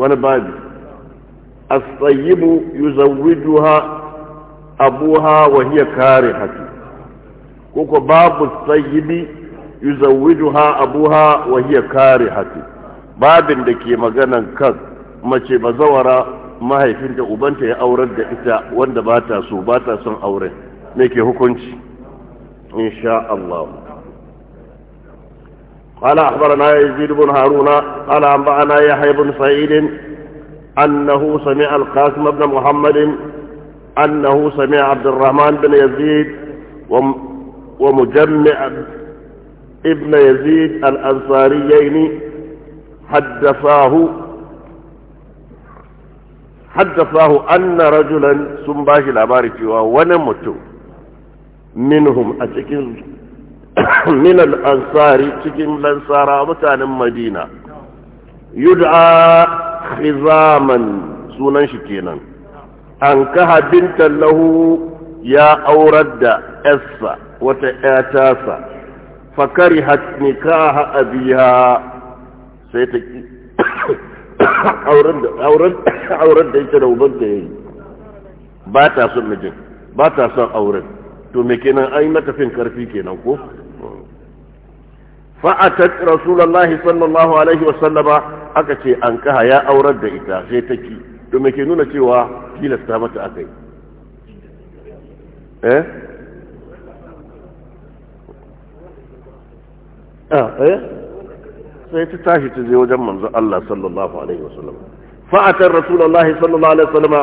wani babi asayibu yuzawwijuha abuha wa hiya karihatu koko babu sayyibi yuzawwijuha abuha wa hiya karihatu babin da ke maganan kan mace bazawara mahaifinta ubanta ya aurar da ita wanda ba ta so ba ta son aure me ke hukunci insha Allah قال أخبرنا يزيد بن هارون قال أنبأنا يحيى بن سعيد أنه سمع القاسم بن محمد أنه سمع عبد الرحمن بن يزيد ومجمع ابن يزيد الأنصاريين حدثاه حدثاه أن رجلا سنباش الأبارك وهو نمت منهم أتكين min ansari cikin lansara mutanen madina yud'a khizaman sunan shi kenan an kaha bintan lahu ya aurar da yarsa wata ƴata sa fakari nikaha abiya sai ta ki auren da yake da uban da yayi ba ta son mijin ba ta son auren to me kenan ai mata fin karfi kenan ko fa'atat rasulullahi sallallahu alaihi sallama aka ce an kaha ya aurar da ita sai ta ki domin ke nuna cewa tilasta mata aka yi eh? Ah, eh sai ta tashi ta je wajen manzo Allah sallallahu alaihi wasallam fa'atar rasulullahi sallallahu alaihi ba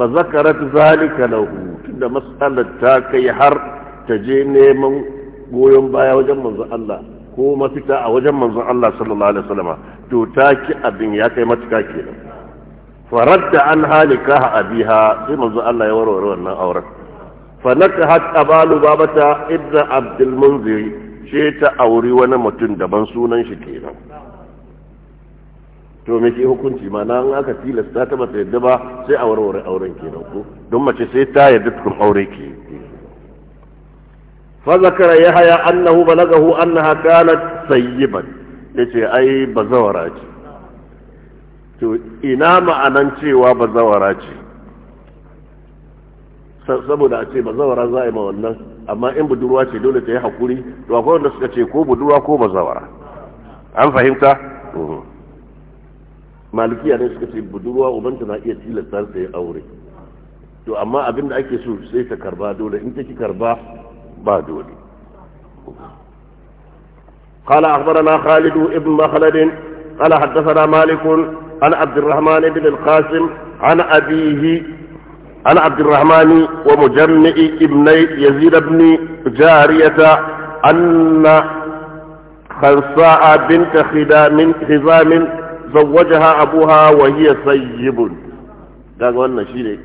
fa zakarat zalika lahu tunda mas'alar ta kai har ta je neman goyon baya wajen manzo Allah ko mafita a wajen manzon Allah sallallahu alaihi wasallama to ta abin ya kai matuka kenan faradda an halikaha abiha sai manzon Allah ya warware wannan auren fanakahat abalu babata ibnu abdul munzir shi ta auri wani mutum daban sunan shi kenan to me ke hukunci ma na an aka tilasta ta bata yadda ba sai a warware auren kenan ko don mace sai ta yadda tukun aure ke فذكر يحيى أنه بلغه أنها كانت سيبا yace ai bazawara ce to ina ma'anan cewa zawara ce saboda a ce ba zawara za a yi ma wannan amma in budurwa ce dole ta yi haƙuri to akwai wanda suka ce ko budurwa ko ba zawara an fahimta malikiya ne suka ce budurwa ubanta na iya tilasta ta yi aure to amma abin da ake so sai ta karba dole in ta ki karba بادولي قال أخبرنا خالد بن مخلد قال حدثنا مالك عن عبد الرحمن بن القاسم عن أبيه عن عبد الرحمن ومجمع ابني يزيد بن جارية أن خنساء بنت خدام خزام زوجها أبوها وهي سيب قالوا قلنا شيء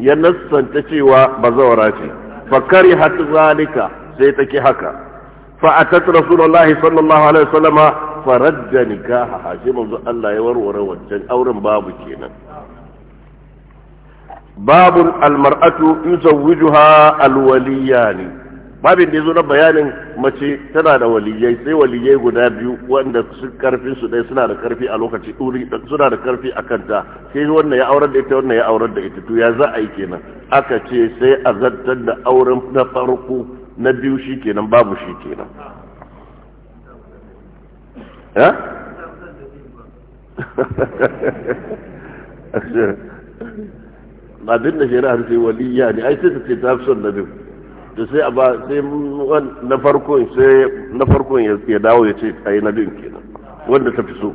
ya nassanta cewa ba zawara ce fakari hatu zalika sai ta ki haka fa'atat rasulullahi sallallahu alaihi wasallama faradda nikaha hashe manzo Allah ya warware wancan auren babu kenan babun almar'atu yuzawwijuha alwaliyani babin da ya zo na bayanin mace tana da waliyai sai waliyai guda biyu wanda karfin su dai suna da karfi a lokaci duri suna da karfi a kanta sai wannan ya aurar da ita wannan ya aurar da ita to ya za a yi kenan aka ce sai a zartar da auren na farko na biyu shi kenan babu shi kenan eh? abin da shari'ar sai waliyya ne ai sai ta ce ta fi son na biyu sai a ba sai na farkon sai na farkon ya dawo ya ce ayi na bin kenan wanda ta fi so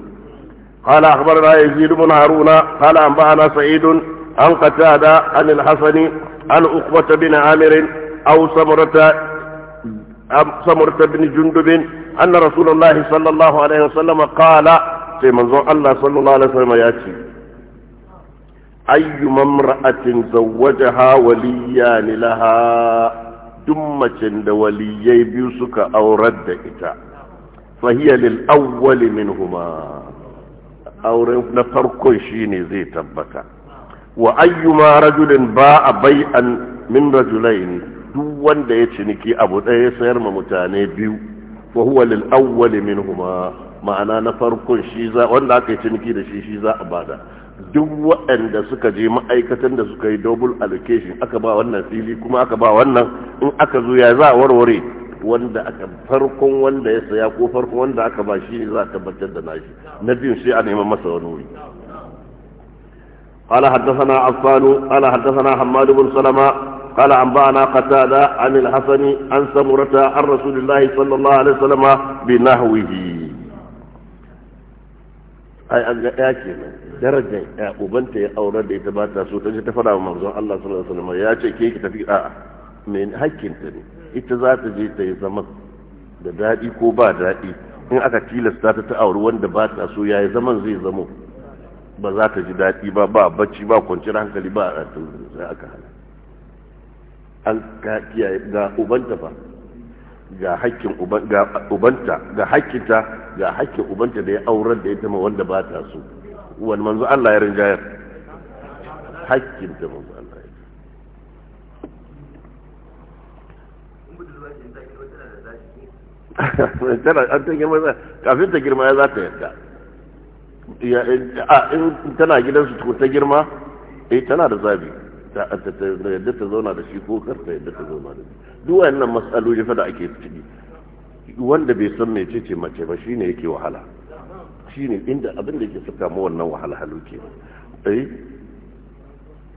qala akhbarana yazid haruna qala anba'ana sa'id an qatada an al-hasani an uqbah bin amir aw samurata am samurata bin jundub anna rasulullahi sallallahu alaihi wasallam qala sai manzo Allah sallallahu alaihi wasallam ya ce ayyu mamra'atin zawwajaha waliyan laha duk macen da waliyai biyu suka aurar da ita fahiyar lil'awwali min huma auren na farko shi ne zai tabbata wa ayyuma rajulin ba a bai'an min ne duk wanda ya ciniki abu ɗaya ya sayar ma mutane biyu wa huwa lil'awwali min huma ma'ana na farkon shi za wanda aka yi ciniki da shi shi za a bada duk waɗanda suka je ma'aikatan da suka yi double allocation aka ba wannan fili kuma aka ba wannan in aka zo ya za a warware wanda aka farkon wanda ya saya ko farkon wanda aka ba shi ne za a tabbatar da nashi na biyun sai a neman masa wani wuri قال حدثنا عفان قال حدثنا حماد بن سلمة قال أنبأنا قتادة عن الحسن عن سمرة عن رسول الله صلى الله عليه وسلم بنحوه أي أجل daraja ya ubanta ya aure da ita ba ta so ta je ta fara wa manzon Allah sallallahu alaihi wasallam ya ce ke ki tafi a'a me hakkin ta ne ita za ta je ta yi zaman da dadi ko ba dadi in aka tilasta ta ta aure wanda ba ta so yayi zaman zai zamo ba za ta ji dadi ba ba bacci ba kwanciyar hankali ba a sai aka hana an ka kiyaye ga ubanta ba ga hakkin ubanta ga hakkinta ga hakkin ubanta da ya aurar da ita ma wanda ba ta so wani manzo Allah ya rinjayar hakkin da manzo Allah ya rinjayar. an ta girma kafin ta girma ya za ta yadda in tana gidansu tukun ta girma eh tana da zabi ta yadda ta zauna da shi ko kar ta yadda ta zauna da shi duk wayannan matsaloli fa da ake ciki wanda bai san mece ce mace ba shine yake wahala shine inda abin da ke suka mu wannan wahalhalu ke eh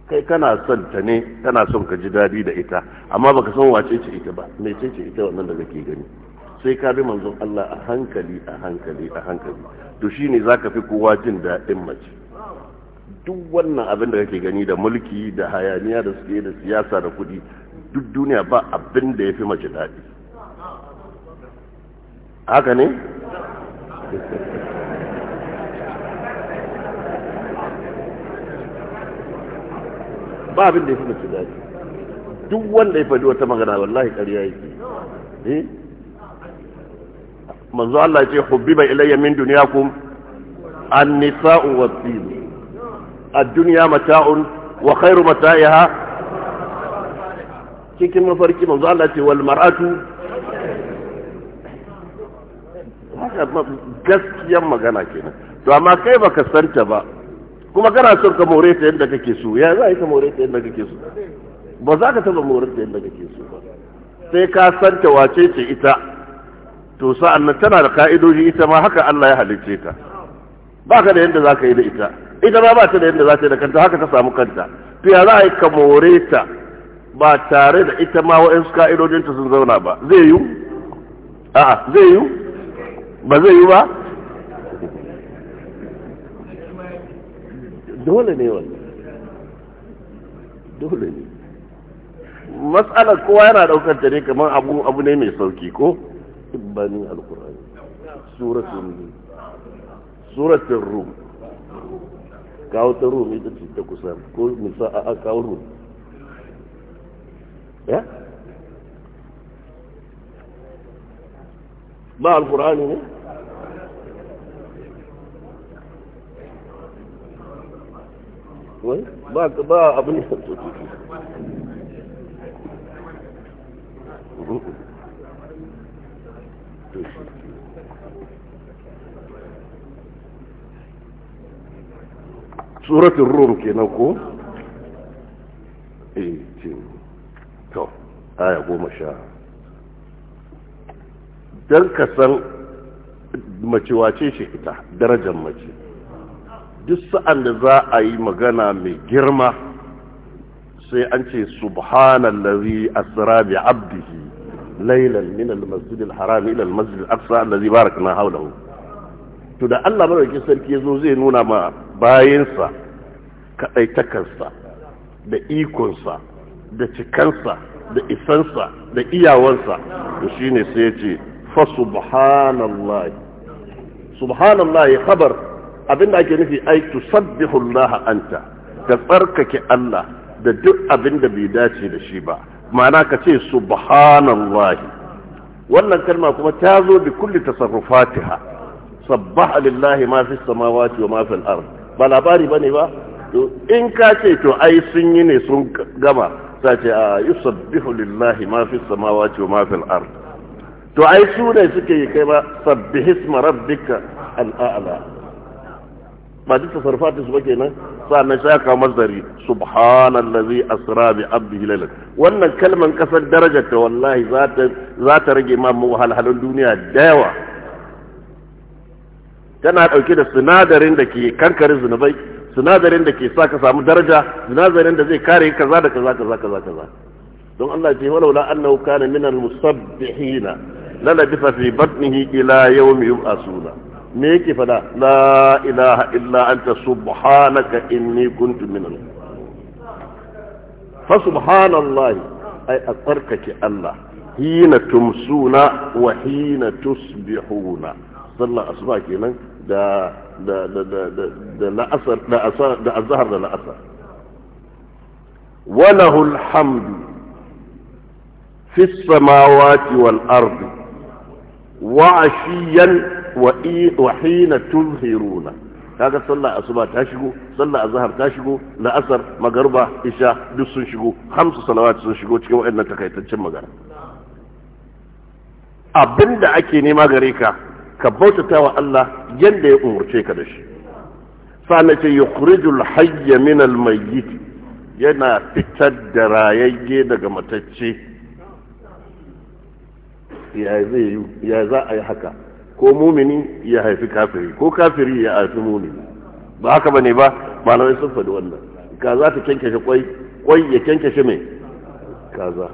kai kana son ta ne kana son ka ji dadi da ita amma baka san wace ce ita ba me ce ce ita wannan da kake gani sai ka bi manzon Allah a hankali a hankali a hankali to shine zaka fi kowa jin dadin mace duk wannan abin da kake gani da mulki da hayaniya da suke da siyasa da kudi duk duniya ba abin da yafi mace dadi haka ne ba abin da ya fi mace daɗi duk wanda ya faɗi wata magana wallahi ƙarya ya eh manzo Allah ya ce hubbiba ilayya min dunyakum an-nisa'u wa sin ad-dunya mata'un wa khairu mata'iha cikin mafarki manzo Allah ce wal mar'atu haka gaskiyar magana kenan to amma kai baka santa ba kuma kana son ka more ta yadda kake so ya za a yi ka more ta yadda kake so ba za ka taba more ta yadda kake so ba sai ka san ta wace ce ita to sa'an nan tana da ka'idoji ita ma haka Allah ya halicce ta ba ka da yadda za ka yi da ita ita ma ba ta da yadda za ta yi da kanta haka ta samu kanta to ya za a yi ka more ta ba tare da ita ma wa'insu ka'idojinta sun zauna ba zai yiwu a'a zai yiwu ba zai yiwu ba dole ne wannan dole ne matsalar kowa yana daukar ta ne kamar abu abu ne mai sauki ko ibbanin alkur'ani ne suratun rum kawo ta rum ita ce ta kusa ko musa a kawo rum ya ba alkur'ani ne wai ba ba abin suratun rum kenan ko eh to aya goma sha don ka san mace wace shi ita darajar mace duk sa'an da za a yi magana mai girma sai an ce subhanallazi asra bi abdihi laylan min al haram ila al-masjid al-aqsa allazi barakna to da Allah madaukakin sarki yazo zai nuna ma bayansa kaɗaitakansa da ikonsa da cikansa da isansa da iyawansa shi ne sai ya ce fa subhanallahi subhanallahi khabar Abin da ake nufi ai tusabbihu Allah anta ka tsarkake Allah da duk abinda bai dace da shi ba ma'ana ka ce subhanallah wannan kalma kuma ta zo bi kulli tasarrufatiha sabbaha lillahi ma fi samawati wa ma fi al-ard ba labari bane ba in ka ce to ai sun yi ne sun gama sace a yusabbihu lillahi ma fi samawati wa ma fi al-ard to ai su ne suke yi kai ba sabbihisma rabbika al-a'la ba duk tasarrufatin su ba kenan sannan sai aka masdari subhanallazi asra bi abdihi lailan wannan kalman kasar daraja ta wallahi za ta za ta rage ma halhalun duniya da yawa tana dauke da sinadarin da ke kankare zunubai sinadarin da ke sa ka samu daraja sinadarin da zai kare kaza da kaza kaza kaza kaza don Allah ce walaula annahu kana minal musabbihina la labitha fi batnihi ila yawmi yub'asuna me yake fada la ilaha illa anta subhanaka inni kuntu minal fa subhanallahi ay atsarkake Allah hina tumsuna wa hina tusbihuna sallar asuba kenan da da da da da la'asar da asar da azhar da la'asar wa lahul hamdu fi samawati wal ardi wa ashiyan wa hina tuzhiruna kaga sallah asuba ta shigo sallah azhar ta shigo la'asar magarba isha duk sun shigo hamsu salawat sun shigo cikin waɗannan takaitaccen magana abinda ake nema gare ka ka bautata wa Allah yanda ya umurce ka da shi sana ce yukhrijul hayy min al mayyit yana fitar da rayayye daga matacce ya zai ya za a yi haka ko mumini ya haifi kafiri ko kafiri ya haifi mumini ba haka bane ba malamai sun faɗi wannan kaza ta kyankyashe kwai kwai ya kyankyashe mai kaza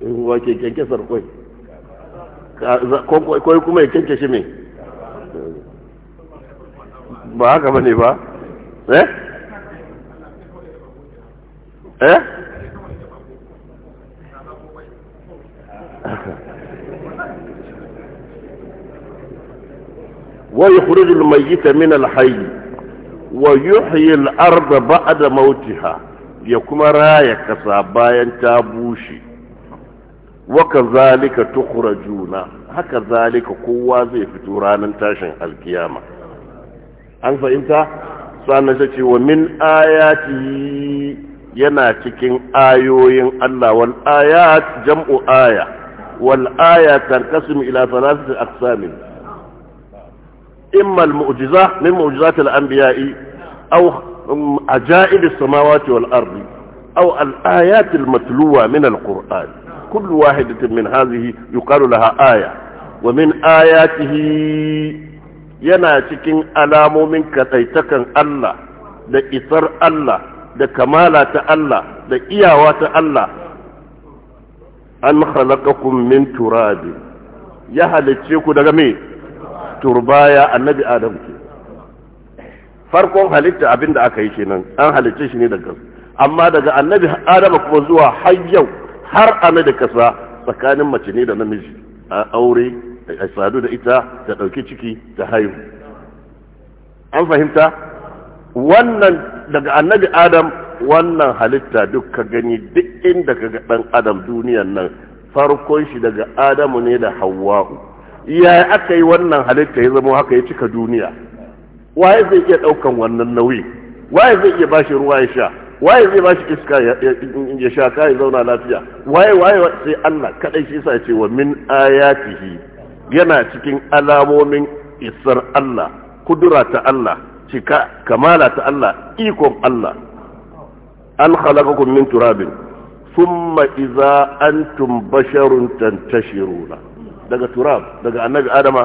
in wake kyankyasar kwai kwai kuma ya kyankyashe mai ba haka bane ba eh eh ويخرج الميت من الحي ويحيي الأرض بعد موتها يكما راية كسابايا تابوشي وكذلك تخرجون هكذلك قوة زي فتورانا تاشن القيامة أنت إنت سأنا ومن آياته yana cikin ayoyin Allah wal ayat jam'u aya wal aya tarqasim ila thalathati aqsamin إما المؤجزة من مؤجزات الأنبياء أو عجائب السماوات والأرض أو الآيات المتلوة من القرآن كل واحدة من هذه يقال لها آية ومن آياته يناتكين ألام منك تيتكا الله لإطر الله لكمالات الله لإياوات الله أن خلقكم من تراب يهل تشيكو دقمين turbaya annabi adam ke farkon halitta abin da aka yi kenan an halitta shi ne daga amma daga annabi adam kuma zuwa har yau har ana da kasa tsakanin mace ne da namiji a aure a sadu da ita ta ɗauki ciki ta haihu an fahimta wannan daga annabi adam wannan halitta duk ka gani duk inda ka ga ɗan adam duniyan nan farkon shi daga adamu ne da hawa'u ya aka yi wannan halitta ya zama haka ya cika duniya waye zai iya ɗaukan wannan nauyi waye zai iya bashi ruwa ya sha waye zai bashi iska ya sha kai zauna lafiya waye waye sai Allah kadai shi yasa ce wa min ayatihi yana cikin alamomin isar Allah kudura ta Allah cika kamala ta Allah ikon Allah an khalaqakum min turabin thumma idza antum basharun tantashiruna daga turab daga annabi adama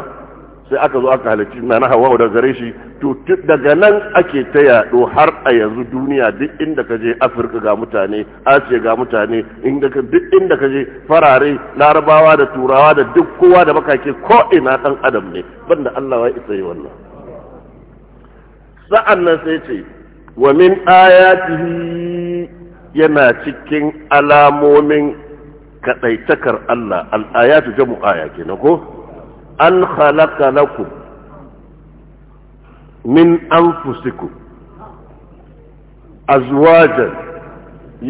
sai aka zo aka halicci na na hawa da gare shi to daga nan ake ta yado har a yanzu duniya duk inda ka je afirka ga mutane asiya ga mutane duk inda ka je farare larabawa da turawa da duk kowa da makake ko ina dan adam ne banda allah ya isa yi wannan sa'an nan sai ce wa min ayatihi yana cikin alamomin kadaitakar Allah al'ayatu jamu aya kenan ko an khalaqa lakum min anfusikum azwajan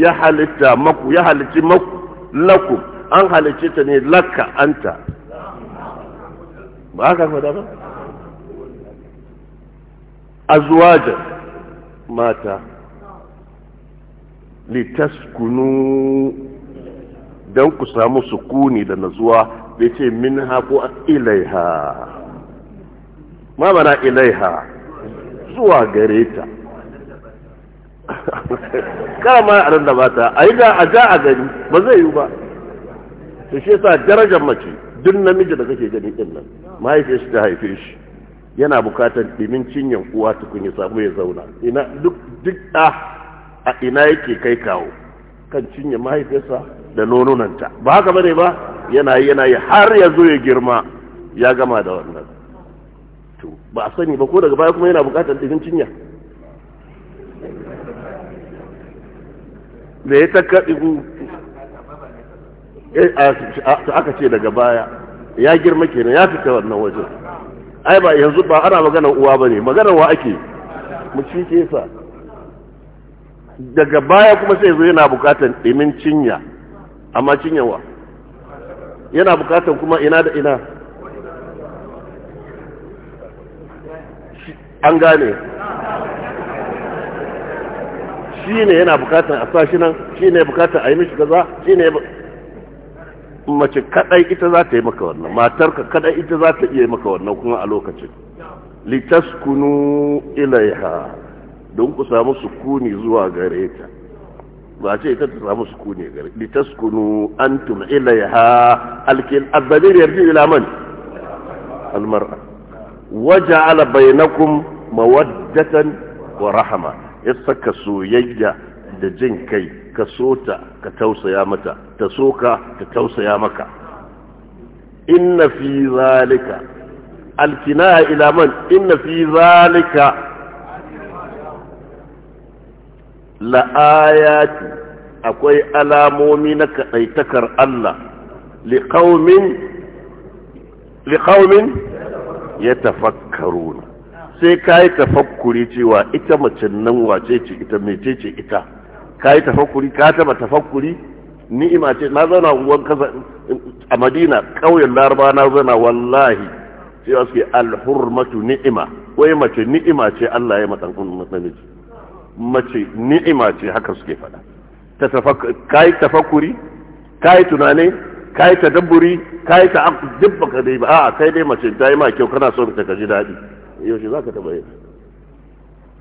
ya halitta maku ya halitti maku lakum an halitta ta ne laka anta ba haka faɗa ba azwajan mata litaskunu don ku samu sukuni da nazuwa bai ce min ha ko ilaiha ma ilai ilaiha zuwa gare ta karama a da bata a yi da a ja a gani ba zai yi ba su shi sa darajar mace duk namiji da kake gani din nan mahaifin shi ta haife shi yana bukatar dimin cinyan uwa tukun ya samu ya zauna duk a ina yake kai kawo kan cinye mahaifiyarsa da nononanta ba haka bane ba yana yi yana yi har ya zo ya girma ya gama da wannan to ba a sani ba ko daga baya kuma yana bukatar ɗimin cinya me ya taka ɗigu eh, aka ce daga baya ya girma kenan ya fita wannan wajen ai ba yanzu ba ana magana uwa ba ne maganar wa ake mu cike sa daga baya kuma sai zo yana bukatan ɗimin cinya amma cinyawa yana bukatan kuma ina da ina an gane shi ne yana bukatan a sa shi nan shi ne bukatan a yi mishi gaza shi ne mace kadai ita za ta yi maka wannan matarka kadai ita za ta iya maka wannan kuma a lokacin litaskunu ilaiha don ku samu sukuni zuwa gare ta ba ce ita ta samu sukuni gare li taskunu antum ilaiha alkil abdamir yarji ila man almar'a waja'ala bainakum mawaddatan wa rahama ya saka soyayya da jin kai ka so ta ka tausaya mata ta so ka ta tausaya maka inna fi zalika alkina ila man inna fi zalika la'ayati akwai alamomi na kaɗaitakar Allah liƙaumin ya tafakkaru sai ka yi tafakkuri cewa ita mace nan wace ce ita mece ce ita ka yi tafakkuri ka taba tafakkuri ni'ima ce na zana uwan kasa a madina ƙauyen laraba na zana wallahi cewa ke alhurmatu ni'ima wai mace ni'ima ce Allah ya matan namiji mace ni'ima ce haka suke faɗa kai tafakuri kai tunane kai tadabburi kai ta dubba baka dai ba a kai dai mace ta yi ma kyau kana so ta kaji daɗi yaushe za ka taɓa yi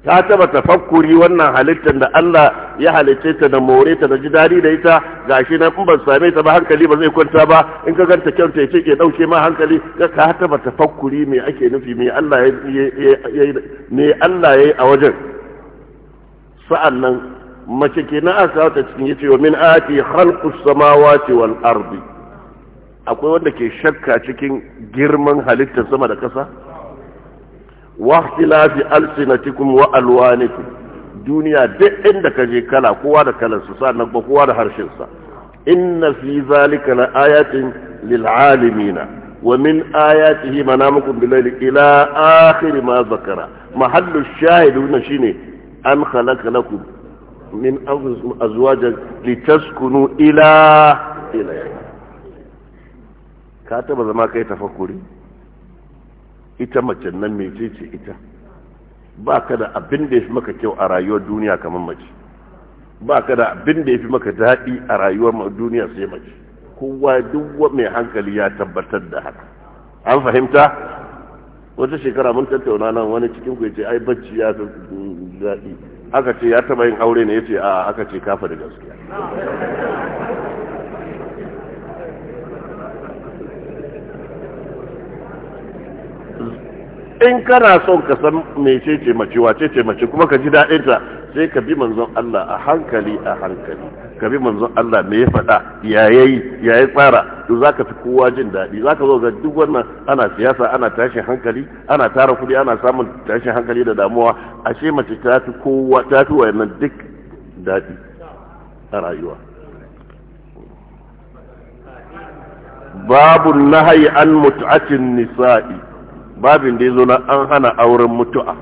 ta taba tafakkuri wannan halittar da Allah ya halicce ta da more ta da ji daɗi da ita gashi na in ban same ta ba hankali ba zai kwanta ba in ka ganta kyauta ce ke dauke ma hankali ka taba tafakkuri me ake nufi me Allah ya yi a wajen sa'annan mace ke aka kawo ta cikin yace wa min ati samawa ce wal arbi akwai wanda ke shakka cikin girman halittar sama da kasa wa ikhtilafi alsinatikum wa alwanikum duniya duk inda kaje kala kowa da kalar su na ba kowa da harshen sa inna fi zalika la ayatin lil alimina wa min ayatihi manamukum bil ila akhir ma zakara mahallu shahid shine an khalaqa lakum min anfusikum azwajan litaskunu ila ila ka taba zama kai tafakkuri ita mace nan ce ita ba ka da abin da ya fi maka kyau a rayuwar duniya kamar mace ba ka da abin da ya fi maka daɗi a rayuwar duniya sai mace kowa duk mai hankali ya tabbatar da haka an fahimta wata shekara mun tattauna nan wani cikin ku yace ai bacci ya fi daɗi aka ce ya taba yin aure ne yace a aka ce kafa da gaskiya in kana son ka san mece ce mace wace ce mace kuma ka ji daɗinta sai ka bi manzon Allah a hankali a hankali ka bi manzon Allah me ya faɗa ya yayi ya yi tsara to zaka fi kowa jin daɗi zaka zo ga duk wannan ana siyasa ana tashin hankali ana tara kuɗi ana samun tashin hankali da damuwa ashe mace ta fi kowa ta fi wannan duk daɗi a rayuwa babu nahayi an mut'atin nisa'i babin da yazo na an hana auren mutu'a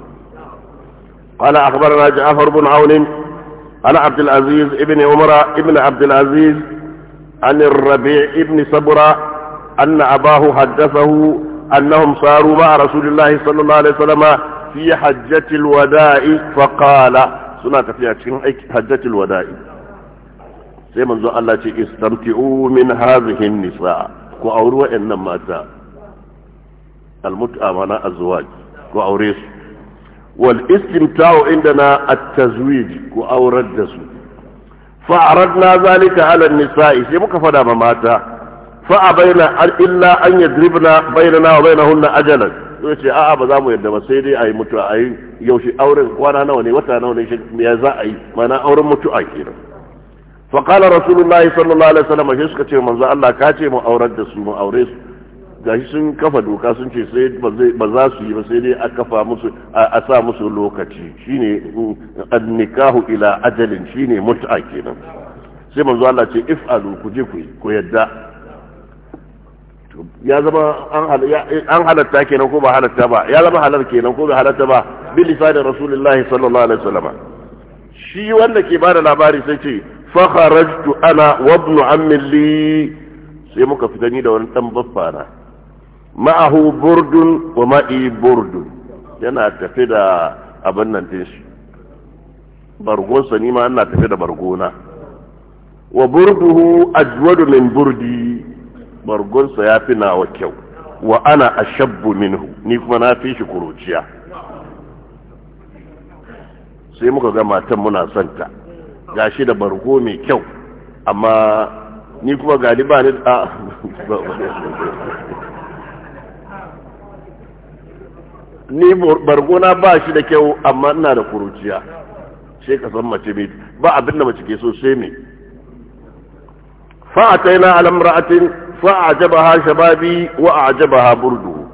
قال أخبرنا جعفر بن عون عن عبد العزيز ابن عمر ابن عبد العزيز عن الربيع ابن صبرة أن أباه حدثه أنهم صاروا مع رسول الله صلى الله عليه وسلم في حجة الوداع فقال سنة في حجة الوداع sai manzo Allah ce istamti'u استمتعوا من هذه النساء auri wa'annan mata almut'a mana ازواج ku wal istimta'u indana at-tazwij ku aurar da su fa aradna zalika ala nisa'i sai muka fada ma mata fa abaina illa an yadribna bainana wa bainahunna ajalan sai ce a'a ba za mu yadda ba sai dai ayi mutuwa ayi yaushe auren kwana nawa ne wata nawa ne ya za a yi mana auren mutu'a kenan fa sallallahu alaihi suka ce Allah ka ce mu aurar da su mu aure su gashi sun kafa doka sun ce sai ba za su yi ba sai dai a kafa musu a sa musu lokaci shine mm, annikahu ila ajalin shine mut'a kenan sai manzo Allah ce if'alu ku je ku yadda ya zama an halatta kenan ko ba halatta ba ya zama halar kenan ko ba halatta ba bi lisanin rasulullahi sallallahu alaihi wasallam shi wanda ke bada labari sai ce fa kharajtu ana wa ibn ammi li sai muka fita ni da wani dan baffana ma'ahu burdun wa ma'i burdun yana tafi da abin nan din shi bargonsa ni ma ina tafi da bargona wa burduhu ajwadu min burdi bargonsa ya fi nawa kyau wa ana ashabbu minhu ni kuma na fi shi kuruciya sai muka ga matan muna santa gashi da bargo mai kyau amma ni kuma galiba ne a ni barguna ba shi da kyau amma ina da kuruciya sai ka san mace mai ba abin da mace ke so sai me fa ataina ala imra'atin fa ajabaha shababi wa ajabaha burdu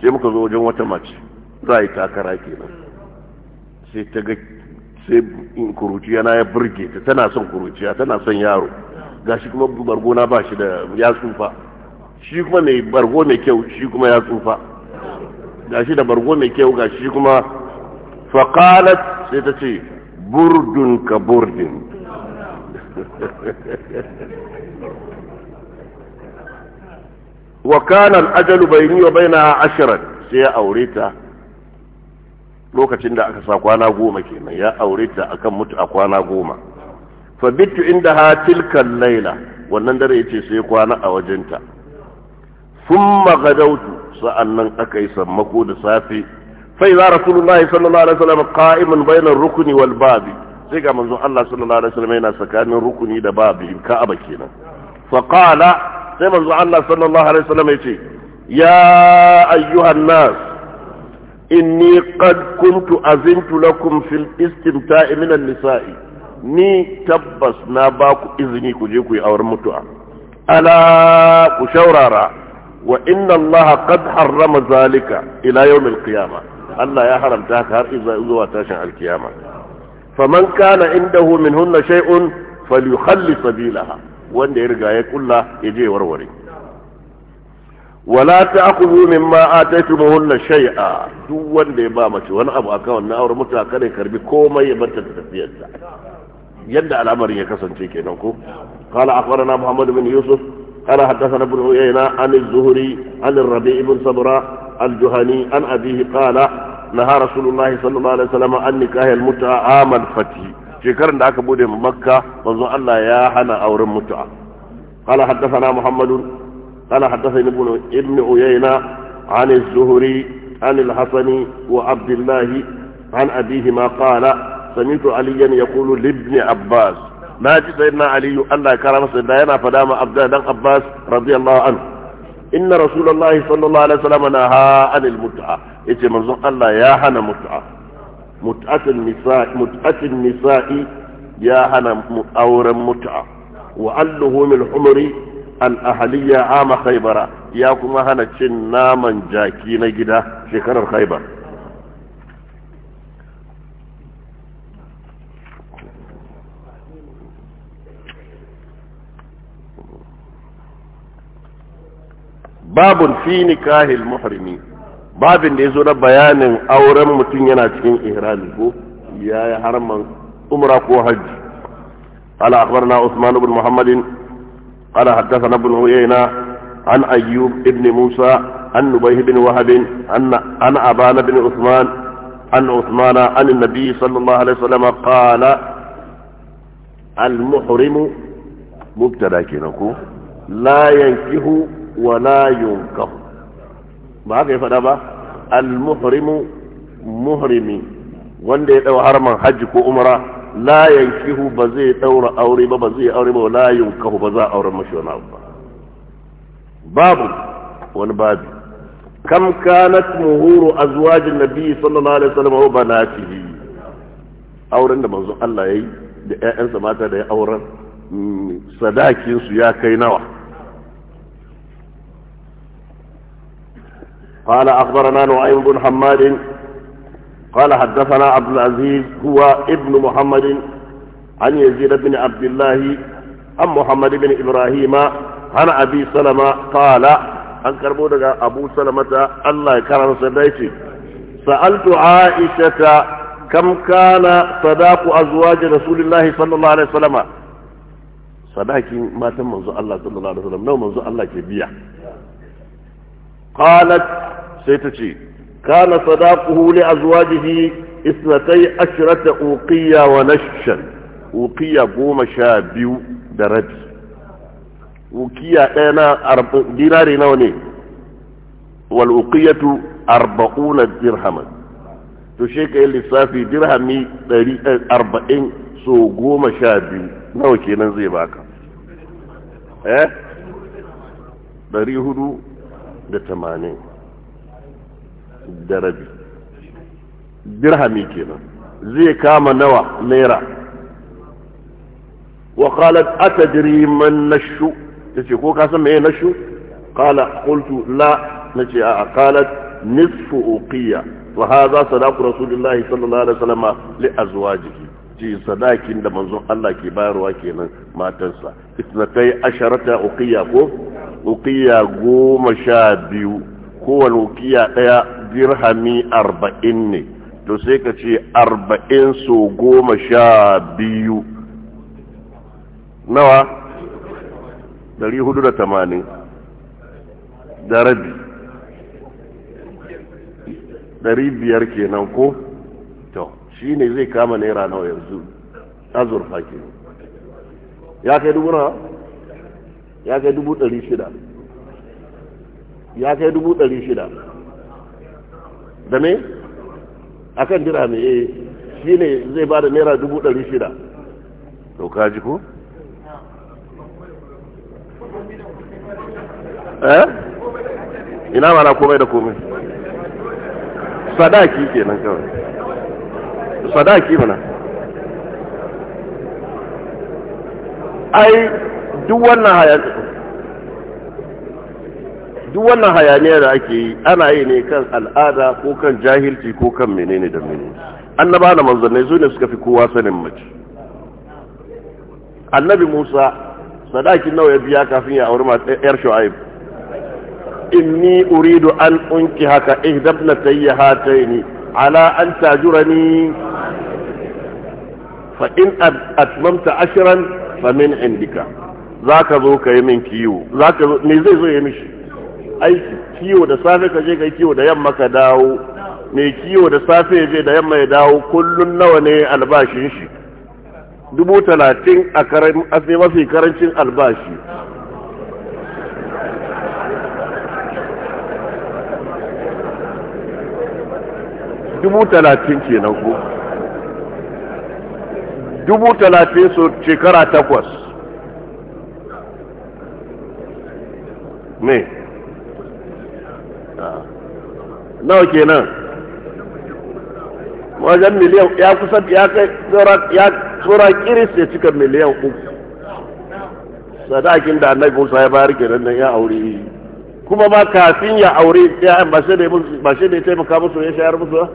sai muka zo wajen wata mace za a yi takara kenan sai ta ga sai kuruciya na ya burge ta tana son kuruciya tana son yaro gashi kuma barguna ba shi da ya tsufa shi kuma mai bargo mai kyau shi kuma ya tsufa gashi da bargo mai kyau gashi kuma faqalat sai ta ce burdun ka burdin wa kana al-ajalu bayni wa bayna ashran sai ya aure ta lokacin da aka sa kwana goma kenan ya aure ta akan mutu a kwana goma fa bitu inda ha tilka laila wannan dare yace sai kwana a wajenta thumma gadautu sa'annan aka yi sammako da safe fai za rasulullahi sallallahu alaihi wasallam qa'iman bainar rukuni wal babi sai ga manzon Allah sallallahu alaihi wasallam yana tsakanin rukuni da babi ka'aba kenan fa qala sai manzon Allah sallallahu alaihi wasallam yace ya ayyuhan nas inni qad kuntu azintu lakum fil istimta'i min an-nisa'i ni tabbas na ba ku izini ku je ku yi auren mutu'a ala ku shaurara وإن الله قد حرم ذلك إلى يوم القيامة الله يا حرم تاك تاكهر إذا أذوى تاشا الكيامة فمن كان عنده منهن شيء فليخلي سبيلها وان يرجع يقول الله يجي وروري ولا تأخذوا مما آتيتمهن شيئا دوا لبا مشي وانا أبو أكاون ناور متأكد كربي كوما يبنت التسبيع يدع الأمر يكسن شيء كينوكو قال أخبرنا محمد بن يوسف قال حدثنا ابن عيينة عن الزهري عن الربيع بن صبرة الجهني عن أبيه قال نهى رسول الله صلى الله عليه وسلم عن نكاح المتعة عام الفتح شكرا لك بودي مكة وزو الله يا حنا أور المتعة قال حدثنا محمد قال حدثني ابن ابن عيينة عن الزهري عن الحسن وعبد الله عن أبيهما قال سمعت عليا يقول لابن عباس na ji sayyidina aliyu Allah ya kara masa da yana fada ma abdullah dan abbas radiyallahu anhu inna rasulullahi sallallahu alaihi wasallam naha anil mut'a yace manzon Allah ya hana mut'a mut'atun nisa'i mut'atun nisa'i ya hana auren mut'a wa alluhu min humri al ahliya ama khaybara ya kuma hana cin naman jaki na gida shekarar khaybar babun fi nikahil muhrimi babin da yazo na bayanin auren mutum yana cikin ihram ko ya ya harman umra ko hajji قال أخبرنا عثمان بن محمد قال حدثنا ابن عيينة عن أيوب ابن موسى عن نبيه بن وهب أن عن أبان بن عثمان عن عثمان عن النبي صلى الله عليه وسلم قال المحرم مبتدا كنكو لا ينكه wala yunkahu ba haka ya faɗa ba al-muhrimu muhrimi wanda ya ɗau harman hajji ko umara la yankihu ba zai ɗaura aure ba ba zai aure ba wala yunkahu ba za a aure mashi wani abu babu wani babu kam kanat muhuru azwajin nabi sallallahu alaihi wasallam wa banatihi auren da manzo Allah yayi da ƴaƴansa mata da ya auren mm, sadakin su ya kai nawa قال أخبرنا نعيم بن حماد قال حدثنا عبد العزيز هو ابن محمد عن يزيد بن عبد الله عن محمد بن إبراهيم عن أبي سلمة قال أن كربونا أبو سلمة الله كرم سديتي سألت عائشة كم كان صداق أزواج رسول الله صلى الله عليه وسلم صداقي ما تم منذ الله صلى الله عليه وسلم نو منذ الله كبير qalat sai ta ce kana sadaquhu li azwajihi isnatay ashrata uqiyya wa nashshan uqiyya goma sha biyu da rabi uqiyya dinari nawa ne wal uqiyatu arba'una dirhaman to shi ka yi lissafi dirhami arba'in so goma sha biyu nawa kenan zai baka eh ɗari hudu da tamanin darabi dirhami kenan zai kama nawa naira wa qalat atadri man nashu tace ko ka san meye nashu qala qultu la nace a qalat nisfu uqiya wa hadha sadaqu rasulillahi sallallahu alaihi wasallam li azwajihi ji sadakin da manzon Allah ke bayarwa kenan matarsa isnatai asharata uqiya ko ukiya goma sha biyu kowane ukiya ɗaya dirhami arba'in ne to sai ka ce arba'in so goma sha biyu nawa dari hudu da tamanin darabi? dari biyar kenan ko to shi ne zai kama naira nawa yanzu azurfa ke ya kai dubu ya kai dubu ɗari shida ya kai dubu ɗari shida da me a kan jira mai e eh, shi ne zai ba da naira dubu ɗari shida to ka ji ko? eh? ina mana komai da komai sadaki kenan kawai sadaki mana ai duk wannan duk wannan hayaniyar da ake yi ana yi ne kan al'ada ko kan jahilci ko kan menene da menene annaba na manzannai su ne suka fi kowa sanin mace annabi musa sadakin nawa ya biya kafin ya auri yar shu'aib inni uridu an unki haka ihdabna tayya ni, ala an tajurani fa in atmamta ashran fa min indika za ka zo ka yi min kiwo za ka zo me zai zo ya mishi aiki kiwo da safe ka je ka yi kiwo da yamma ka dawo me kiwo da safe ya je da yamma ya dawo kullun nawa ne albashin shi dubu talatin a mafi karancin albashi dubu talatin kenan ko dubu talatin su shekara takwas me nawa kenan wajen miliyan ya kusa ya kai tsora kiris ya cika miliyan uku sadakin da annabi musa ya bayar kenan nan ya aure kuma ba kafin ya aure ya ba shi ne ba shi ne taimaka musu ya shayar musu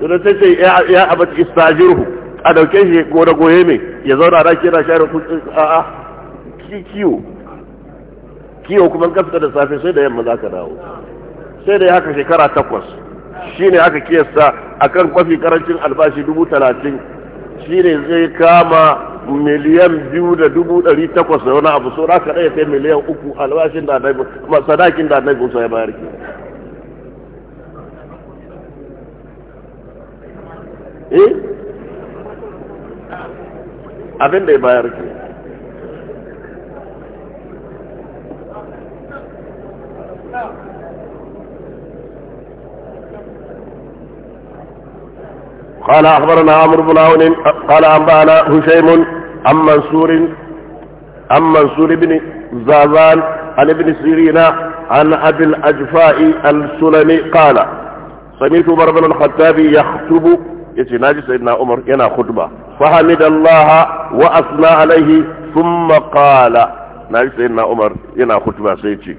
da da sai sai ya abati istajirhu a dauke shi gona goye ne ya zauna da kira shayar a a kiwo kiwo kuma ka fita da safe sai da yamma za ka dawo sai da haka shekara takwas shine aka kiyasta kan kwafi karancin albashi dubu talatin shine zai kama miliyan biyu da dubu ɗari takwas da wani abu so za ka ɗaya kai miliyan uku albashin da annabi sadakin da annabi musa ya bayar ke eh abin da ya bayar ke قال أخبرنا عمرو بن عون قال أنبأنا هشيم عن منصور عن منصور بن زازان عن ابن سيرين عن أبي الأجفاء السلمي قال سمعت عمر بن الخطاب يخطب يتناجي سيدنا عمر ينا خطبة فحمد الله وأثنى عليه ثم قال ناجي سيدنا عمر ينا خطبة سيتي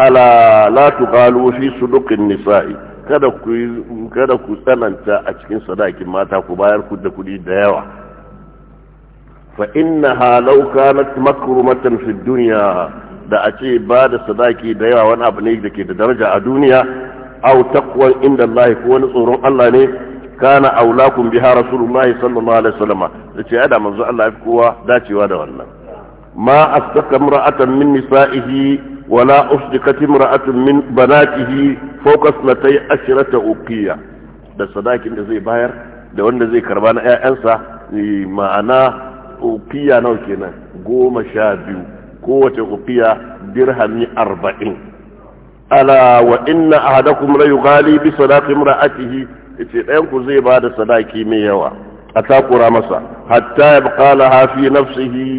ألا لا تقالوا في صدق النساء kada ku kada ku tsananta a cikin sadakin mata ku bayar ku da kuɗi da yawa fa halauka law kanat makrumatan fi dunya da a ce ba da sadaki da yawa wani abu ne da ke da daraja a duniya aw taqwa inda Allah ko wani tsoron Allah ne kana aulakum biha rasulullahi sallallahu alaihi wasallam yace ada manzo Allah ya fi kowa dacewa da wannan ma astaqamra'atan min nisa'ihi ولا أصدقت امرأة من بناته فوق اثنتي عشرة أوقية da sadakin da zai bayar da wanda zai karba na 'ya'yansa ma'ana ukiya nawa kenan goma sha biyu kowace ukiya dirhami arba'in ala wa inna ahadakum la yughali bi sadaqi imra'atihi yace ɗayan ku zai ba da sadaki mai yawa a takura masa hatta ya bukala hafi nafsihi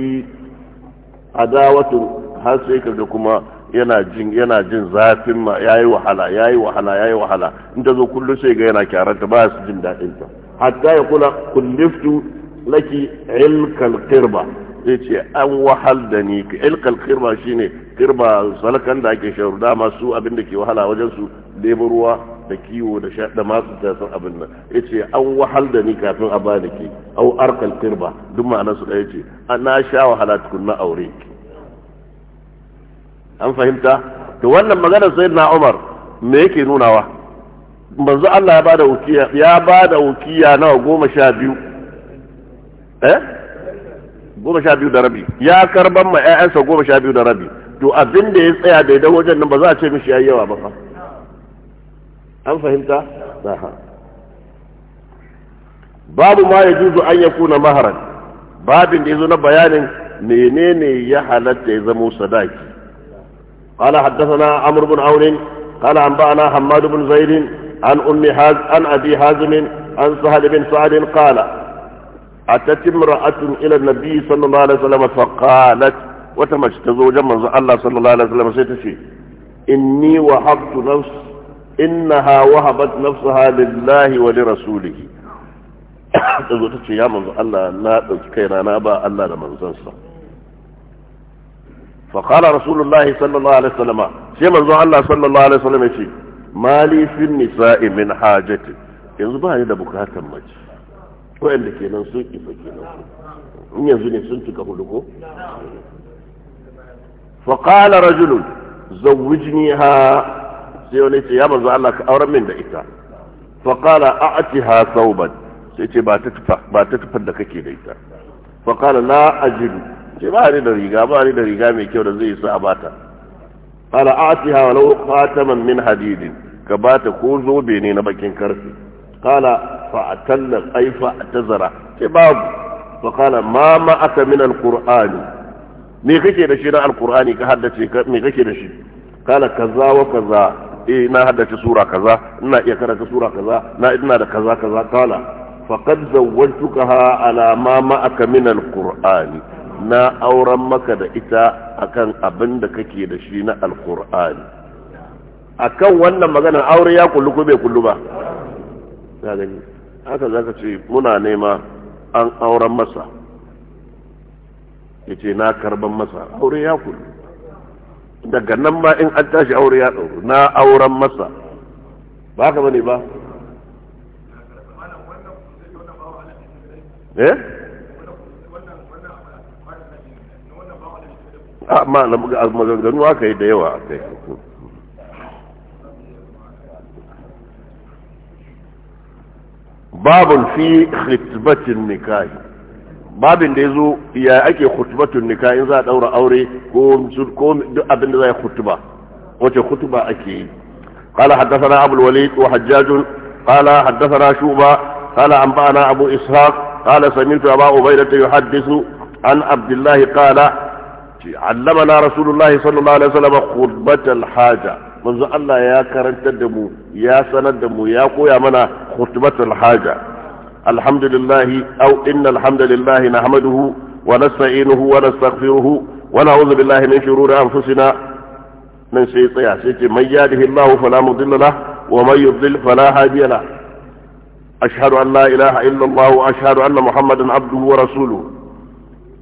adawatun har sai kaga kuma yana jin yana jin zafin ma yayi wahala yayi wahala yayi wahala in ta zo kullu sai ga yana kyaranta ba su jin dadin ta hatta ya kula kulliftu laki ilkal qirba zai ce an wahal da ni ilkal qirba shine qirba salakan da ake sharu ma su abin da ke wahala wajen su lebo ruwa da kiwo da sha da masu tasan abin nan yace an wahal da ni kafin a bani ke au arkal qirba duk ma'anar su da yace na sha wahala tukunna aure ki an fahimta to wannan maganar na Umar me yake nunawa manzo Allah ya bada ukiya ya bada ukiya nawa goma sha biyu eh goma sha biyu da rabi ya karban ma ƴaƴansa goma sha biyu da rabi to abin da ya tsaya daidai wajen nan ba za a ce mishi yayi yawa ba fa an fahimta babu ma ya juzu an ya kuna maharan babin da ya zo na bayanin menene ya halatta ya zamo sadaki قال حدثنا عمرو بن عون قال أنبأنا حماد بن زيد عن أم حاز عن أبي حازم عن سهل بن سعد قال أتت امرأة إلى النبي صلى الله عليه وسلم فقالت وتمشت زوجا من الله صلى الله عليه وسلم سيتشي إني وهبت نفس إنها وهبت نفسها لله ولرسوله تزوجت يا من الله لا تكينا نابا الله لمن زنصر فقال رسول الله صلى الله عليه وسلم sai الله Allah sallallahu alaihi wasallam yace mali fin nisa'i min hajati yanzu ba ni da bukatan mace wa'anda kenan sun kifa kenan in yanzu ne sun tuka hudu ko fa qala rajul zawwijniha sai wani ce ya manzo Allah ka auren min da ita fa qala a'tiha thawban sai ce ba ta tufa ba ta tufar da kake da ita fa qala la ajidu ce ba ni da riga ba ni da riga mai kyau da zai sa a bata ala atiha walau khataman min hadidin ka bata ko zobe ne na bakin karfe kala atalla ai fa'tazara ce babu fa kala ma ma aka min alqur'ani me kake da shi na alqur'ani ka haddace ka me kake da shi kala kaza wa kaza eh na haddace sura kaza ina iya karanta sura kaza na ina da kaza kaza kala faqad zawwajtukaha ala ma ma aka min alqur'ani na auren maka da ita akan abin da kake da shi na alkur'ani akan wannan maganar aure ya kullu ko bai kullu ba ka gani haka zaka ce muna nema an auren masa ce na karban masa aure ya kullu daga nan ma in an tashi aure ya ɗauru na auren masa ba ka bane ba eh a maganganu aka yi da yawa a kai babin fi khutbatin nikahi babin da ya zo ya ake khutbatin nikahi za a daura aure ko abin da za a yi khutba wace khutba ake yi kala haddasa abul walid wa hajjajun kala haddasa na shuba kala an ba abu ishaq kala samintu ba ubaidatu yuhaddisu an abdullahi kala علمنا رسول الله صلى الله عليه وسلم خطبة الحاجة منذ الله يا كرنت الدمو يا سند دمو يا قويا منا خطبة الحاجة الحمد لله أو إن الحمد لله نحمده ونستعينه ونستغفره ونعوذ بالله من شرور أنفسنا من شيطان من يهده الله فلا مضل له ومن يضلل فلا هادي له أشهد أن لا إله إلا الله وأشهد أن محمدا عبده ورسوله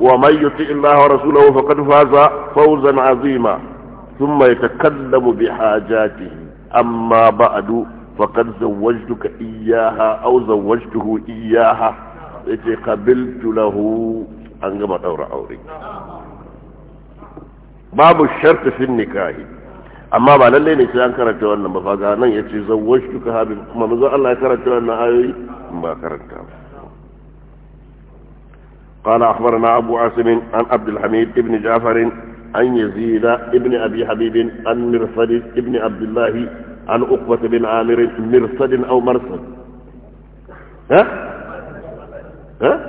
ومن يطع الله ورسوله فقد فاز فوزا عظيما ثم يتكلم بحاجاته أما بعد فقد زوجتك إياها أو زوجته إياها إذا قبلت له أنقم دور أوري باب الشرط في النكاح amma ba lalle ne sai an karanta wannan ba fa ga nan yace zawwajtuka habib kuma manzo Allah ya karanta wannan ayoyi ba karanta ba قال أخبرنا أبو عاصم عن عبد الحميد بن جعفر عن يزيد بن أبي حبيب عن مرصد بن عبد الله عن عقبة بن عامر مرصد أو مرصد ها؟ ها؟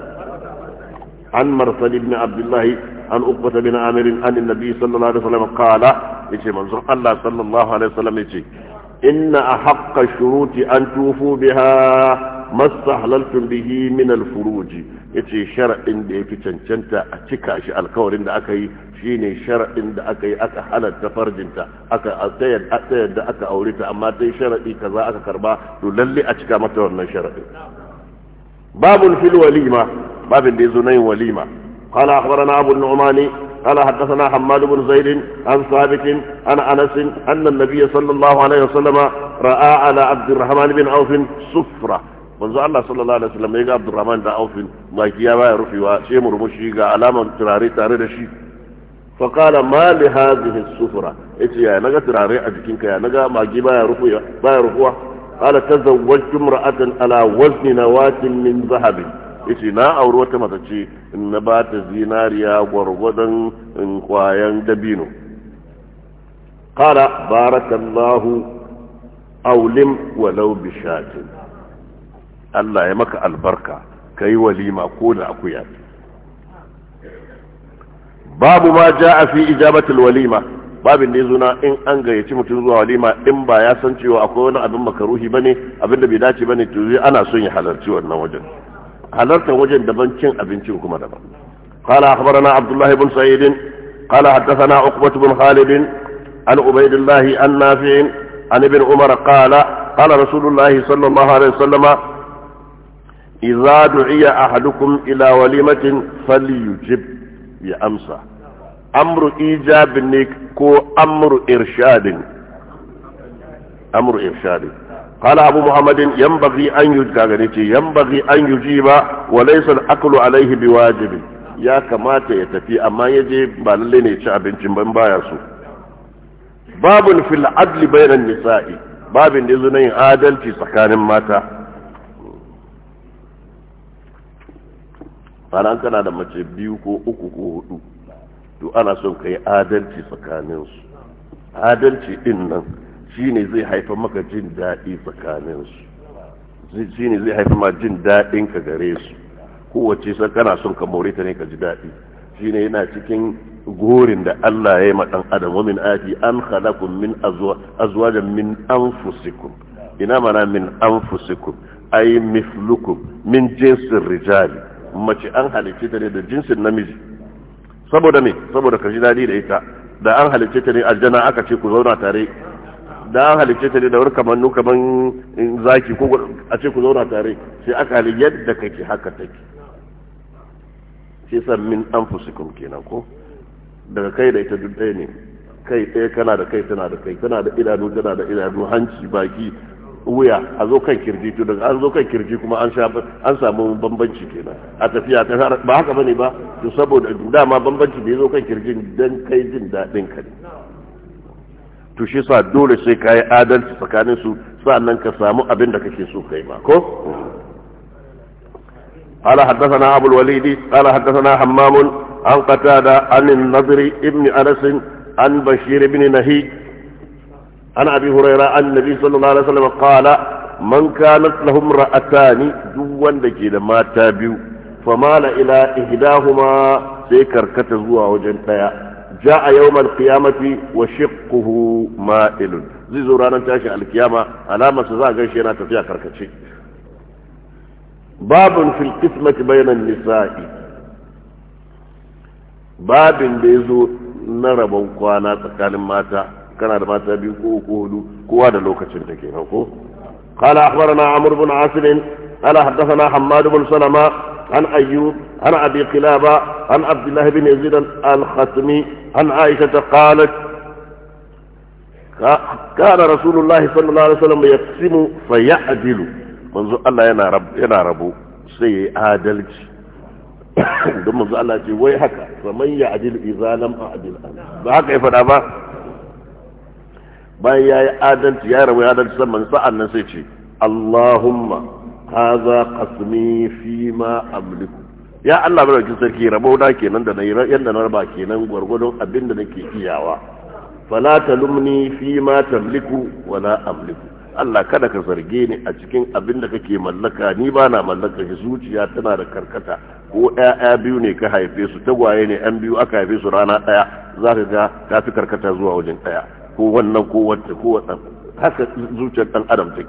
عن مرصد بن عبد الله عن عقبة بن عامر عن النبي صلى الله عليه وسلم قال يجي منظر الله صلى الله عليه وسلم يجي إن أحق الشروط أن توفوا بها ما استحللتم به من الفروج yace shar'in da yafi cancanta a cika shi alkawarin da aka yi shine shar'in da aka yi aka halatta farjinta aka tsayar da aka aure ta amma dai shar'i kaza aka karba to lalle a cika mata wannan shar'in babun fil walima babin da yazo nayin walima qala akhbarana abu nu'mani قال حدثنا حماد بن زيد عن ثابت عن انس ان النبي صلى الله عليه وسلم راى على عبد الرحمن بن عوف صفره manzo Allah sallallahu alaihi wasallam ya ga Abdurrahman da Aufin baki ya baya rufewa sai murmushi ga alaman turare tare da shi fa qala ma li hadhihi as-sufra yace ya naga turare a jikin ka ya naga magi baya rufewa baya rufuwa qala tazawwajtu imra'atan ala wazni nawatin min dhahab yace na auri wata mace in na ba ta zinariya gwargwadon kwayan dabino qala barakallahu aulim walau bishatin Allah ya maka albarka ka yi walima ko da akuya babu ma ja a fi ijabatul walima babin da zuna in an gayyaci mutum zuwa walima in ba ya san cewa akwai wani abin makaruhi bane abin da bai dace bane to zai ana son ya halarci wannan wajen halartar wajen daban cin abincin kuma daban qala akhbarana Abdullahi ibn sa'id qala hadathana uqbah ibn khalid an ubaydillah an nafi an ibn umar qala qala rasulullahi sallallahu alaihi idza du'iya ahadukum ila walimatin falyujib ya amsa amru ijabin ne ko amru irshadin amru irshadin قال أبو محمد ينبغي أن يجيب ينبغي أن يجيب وليس الأكل عليه بواجب ya kamata ya tafi amma yaje ba lalle ne ci abincin ban baya su babun fil adli bainan nisa'i babin da yin adalci tsakanin mata ranar kana da mace biyu ko uku ko hudu to ana son ka yi adalci tsakaninsu adalci din nan shi ne zai haifa maka jin daɗi tsakaninsu shi ne zai haifa maka jin daɗin ka gare su kowace sai kana son ka more ta ne ka ji daɗi shi ne yana cikin gorin da Allah ya yi ma ɗan adam wa min aji an khalaqum min azwajan min anfusikum ina mana min anfusikum ay mithlukum min jinsir rijali mace an halicce ta ne da jinsin namiji saboda me saboda ka ji daɗi da ita da an halicce ta ne aljana aka ce ku zauna tare da an halicce ta ne da wani kamannu kaman zaki ko a ce ku zauna tare sai aka halin yadda kake haka take shi san min an fusikun kenan ko daga kai da ita duk ɗaya ne kai ɗaya kana da kai tana da kai tana da idanu tana da idanu hanci baki wuya a zo kan kirji to daga an zo kan kirji kuma an sha an samu bambanci kenan a tafiya ta ba haka bane ba to saboda dama bambanci da ya zo kan kirjin dan kai jin dadin ka ne to shi sa dole sai ka yi adalci tsakanin su nan ka samu abin da kake so kai ma ko قال حدثنا أبو الوليد قال حدثنا حمام عن قتادة عن النضر ابن أنس عن بشير بن نهيج ana abi huraira annabi sallallahu alaihi wasallam qala man kanat lahum ra'atani duk wanda ke da mata biyu famala ila ihdahuma sai karkata zuwa wajen daya ja'a yawmal qiyamati wa shiqquhu ma'ilun zai zo ranar tashin alkiyama alamar su za a gaishe yana tafiya karkace babun fil qismati bainan nisa'i babin da na rabon kwana tsakanin mata kana da mata biyu ko uku hudu kowa da lokacin ta kenan ko qala akhbarana amr bin asim qala haddathana hammad bin salama an ayyub an abi qilaba an abdullah bin yazid al-khatmi an aisha qalat كان رسول الله صلى الله عليه وسلم يقسم فيعدل منذ الله ينا رب ينا ربو سي عدلتي don manzo Allah ce wai haka faman ya adil idza lam a'dil ba haka ya fada ba bayan ya yi adalci ya rabu ya adalci sannan sa'an nan sai ce Allahumma haza kasmi fi ma amliku ya Allah madaukakin sarki rabo da kenan da nayi yanda na raba kenan gwargwadon abin da nake iyawa fala talumni fi ma tamliku wala amliku Allah kada ka zarge ni a cikin abin da kake mallaka ni ba na mallaka shi zuciya tana da karkata ko ƴaƴa biyu ne ka haife su tagwaye ne an biyu aka haife su rana ɗaya za ka ga ka fi karkata zuwa wajen ɗaya ko wannan ko wancan ko wata haka zuciyar dan adam take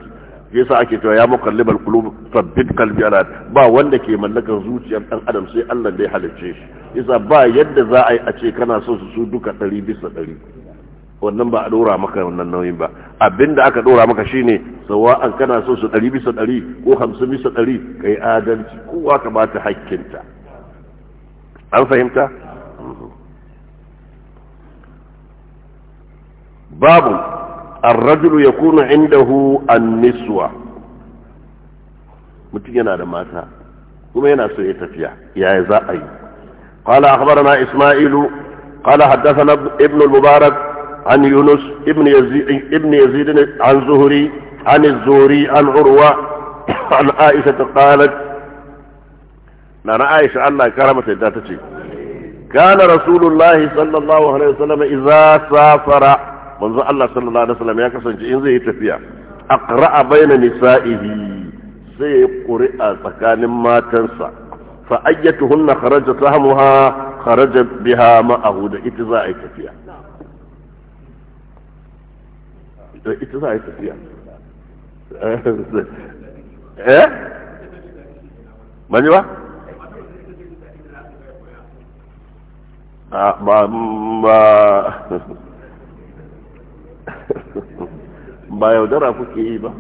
sa ake cewa ya mukallibal qulub sabbit qalbi ala ba wanda ke mallakar zuciyar dan adam sai Allah da ya shi yasa ba yadda za a yi a ce kana so su su duka 100 bisa 100 wannan ba a dora maka wannan nauyin ba abinda aka dora maka shine an kana so su 100 bisa 100 ko 50 bisa 100 kai adalci kowa ka bata hakkinta an fahimta باب الرجل يكون عنده النسوة متجنا لماذا ثم ينسو يتفيا يا اي قال أخبرنا إسماعيل قال حدثنا ابن المبارك عن يونس ابن يزيد, ابن يزيد عن زهري عن الزهري عن عروة عن عائشة قالت نرى آئسة الله كرمت الداتة كان رسول الله صلى الله عليه وسلم إذا سافر manzo Allah sallallahu alaihi wasallam ya kasance in zai yi tafiya aqra'a baina nisa'ihi sai ya qur'a tsakanin matansa fa ayyatuhunna kharaja sahmuha kharaja biha ma'ahu da ita za a yi tafiya da ita za a yi tafiya eh mani eh? ah, ba ba ba yaudara kuke yi ba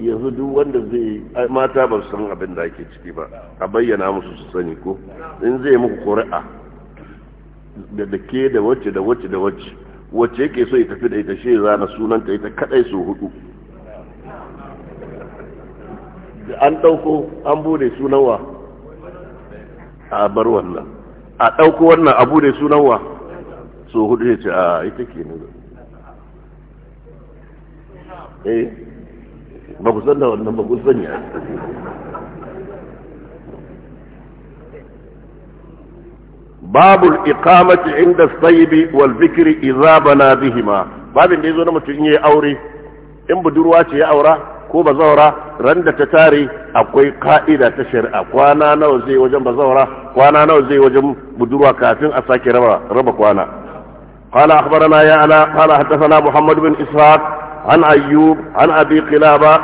yanzu duk wanda zai mata ba san abin da ake ciki ba a bayyana musu su sani ko in zai muku ƙuri'a da da ke da wacce da wacce da wacce wacce yake so ya tafi da ita shi zana sunanta ita kadai su hudu an dauko an bude sunanwa a bar wannan a dauko wannan a bude sunanwa su hudu ya ce a ita ke eh ba ku san da wannan ba ku sani babul iqamati inda sayibi wal zikri idza bana bihima babin da yazo na mutum in yayi aure in budurwa ce ya aura ko bazawara ran da ta tare akwai ka'ida ta shari'a kwana nawa zai wajen bazawara kwana nawa zai wajen budurwa kafin a sake raba raba kwana قال أخبرنا يعلى قال حدثنا محمد بن إسحاق عن أيوب عن أبي قلابة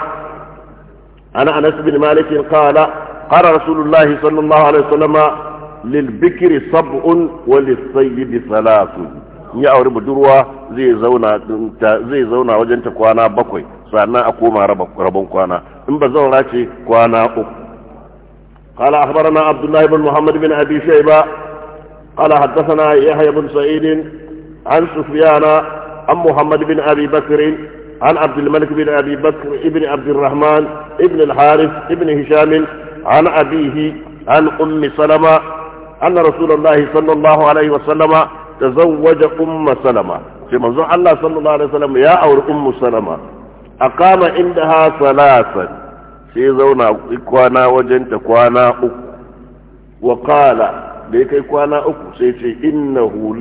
عن أنس بن مالك قال قال رسول الله صلى الله عليه وسلم للبكر صبع وللصيد ثلاث يا أوري بدروا زي زونا زي زونا وجنت كوانا بكوي سأنا أقوم رب ربون كوانا إن بزون بزونا كوانا أقوم قال أخبرنا عبد الله بن محمد بن أبي شيبة قال حدثنا يحيى بن سعيد عن سفيان عن محمد بن أبي بكر عن عبد الملك بن أبي بكر ابن عبد الرحمن ابن الحارث ابن هشام عن أبيه عن أم سلمة أن رسول الله صلى الله عليه وسلم تزوج أم سلمة في منظور الله صلى الله عليه وسلم يا أور أم سلمة أقام عندها ثلاثا في زونا إكوانا وجنت إكوانا uku wa kala da ya kai kwana uku sai ce innahu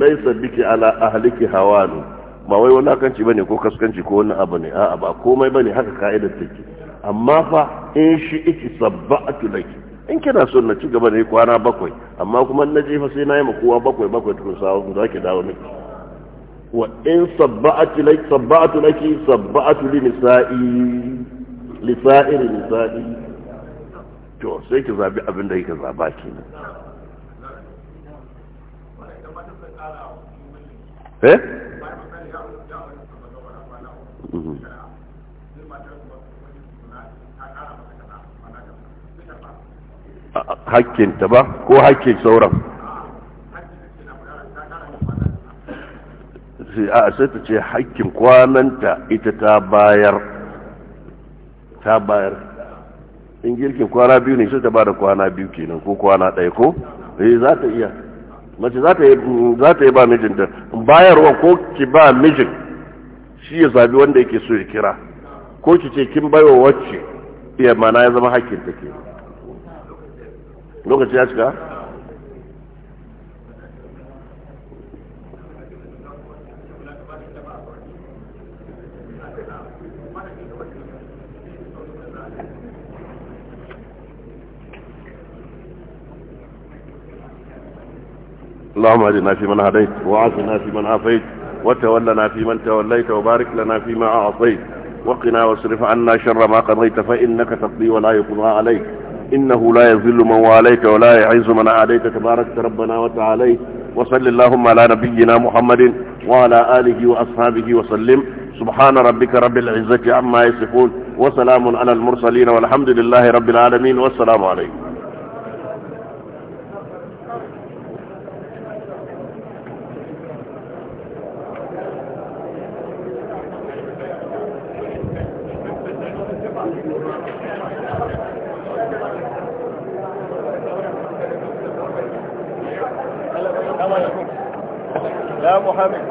ba wai wulakanci bane ko kaskanci ko wani abu ne a'a ba komai bane haka ka'idar take amma fa in shi iki sabba'atu laki in kina son na ci gaba ne kwana bakwai amma kuma na jefa sai na yi ma kowa bakwai bakwai tukun sawa za zaki dawo ne. wa in sabba'atu laki sabba'atu laki sabba'atu li nisa'i li sa'iri nisa'i to sai ki zabi abin da kika zaba kenan eh Mm-hmm. hakkinta ba ko hakkin sauran a sai ta ce hakkin kwananta ita ta bayar ta bayar in girkin kwana biyu ne sai ta ba da kwana biyu kenan ko kwana ɗaya ko eh za ta iya mace za ta yi ba mijinta bayarwa ko ki ba mijin shi ya zabi wanda yake so ya kira ko ki ce kin baiwa wacce iya mana ya zama hakkin take lokaci ya cika اللهم اهدنا من هديت وعافنا من عافيت وتولنا في من توليت وبارك لنا فيما أعطيت وقنا واصرف عنا شر ما قضيت فإنك تقضي ولا يقضى عليك إنه لا يذل من واليك ولا يعز من عاديت تبارك ربنا وتعالى وصل اللهم على نبينا محمد وعلى آله وأصحابه وسلم سبحان ربك رب العزة عما يصفون وسلام على المرسلين والحمد لله رب العالمين والسلام عليكم Muhammad.